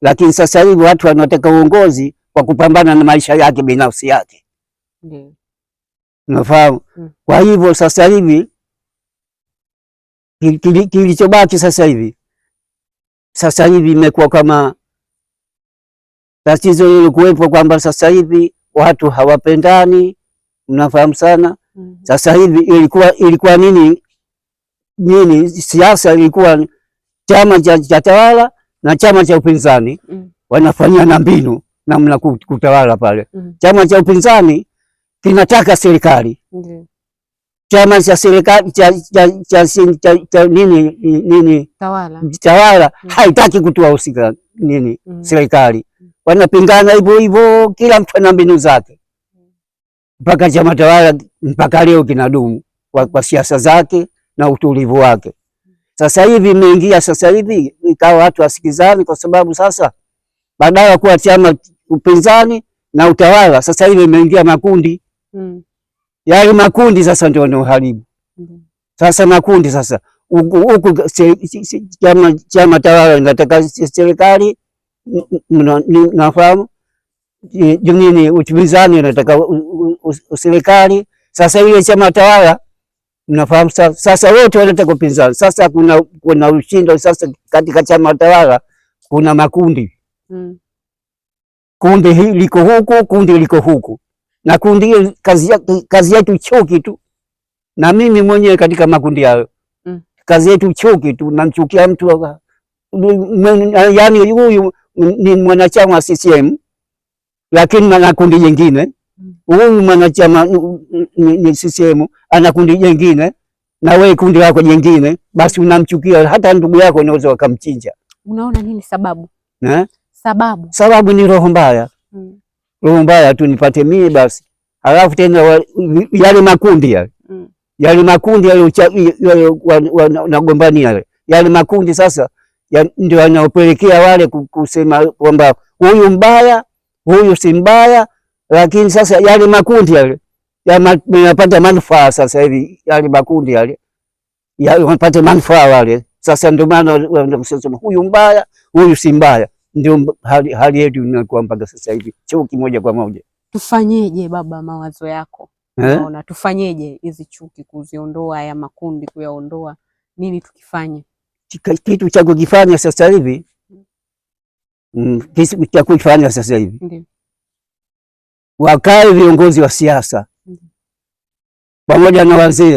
lakini sasa hivi watu wanataka uongozi wa kupambana na maisha yake binafsi yake, unafahamu? Mm. Kwa hivyo sasa hivi kilichobaki sasa hivi sasa hivi imekuwa kama tatizo kuwepo kwamba sasa hivi watu hawapendani, mnafahamu sana. mm Sasa hivi ilikuwa ilikuwa nini nini, siasa ilikuwa chama cha tawala na chama cha upinzani mm. wanafanyia na mbinu namna kutawala pale mm. chama cha upinzani kinataka serikali mm. chama cha serikali cha, cha, cha, cha, cha nini, nini tawala, tawala mm. haitaki usika nini mm. serikali mm. wanapingana hivyo hivyo, kila mtu ana mbinu zake mm. mpaka chama tawala mpaka leo kinadumu kwa, kwa siasa zake na utulivu wake. Sasa hivi imeingia sasa hivi ikawa watu wasikizani, kwa sababu sasa badala ya kuwa chama upinzani na utawala, sasa hivi imeingia makundi mm. Yaani makundi sasa ndio yanaharibu mm. Sasa makundi sasa huku chama chama tawala inataka serikali, nafahamu nini, upinzani inataka serikali. Sasa ile chama tawala mnafahamu sasa, wote wanataka upinzani. Sasa kuna kuna ushindo sasa katika chama tawala, kuna makundi mm. kundi hili liko huku, kundi liko huku, na kundi hili kazi yetu kazi yetu chuki tu, na mimi mwenyewe katika makundi hayo mm. kazi yetu chuki tu, namchukia mtu yani, huyu ni mwanachama wa CCM lakini na kundi jingine huyu mwanachama ni CCM ana kundi jingine na wewe kundi lako jingine, basi unamchukia hata ndugu yako unaweza wakamchinja. Unaona nini sababu na? Eh? Sababu sababu ni roho mbaya hmm. roho mbaya tu nipate mie basi, alafu tena yale makundi yale hmm. yale makundi yale wanagombania yale yale makundi sasa ya, ndio wanaopelekea wale kusema kwamba huyu mbaya, huyu si mbaya lakini sasa yale makundi yale yanapata manufaa sasa hivi, yale makundi yale yanapata manufaa wale. Sasa ndio maana wanasema huyu mbaya, huyu si mbaya. Ndio hali, hali yetu inakuwa mpaka sasa hivi chuki moja kwa moja. Tufanyeje baba, mawazo yako eh? naona, Tufanyeje hizi chuki kuziondoa, haya makundi kuyaondoa, nini tukifanye? Kitu cha kufanya sasa hivi mm, kitu cha kufanya sasa hivi wakae viongozi wa siasa mm-hmm. pamoja na wazee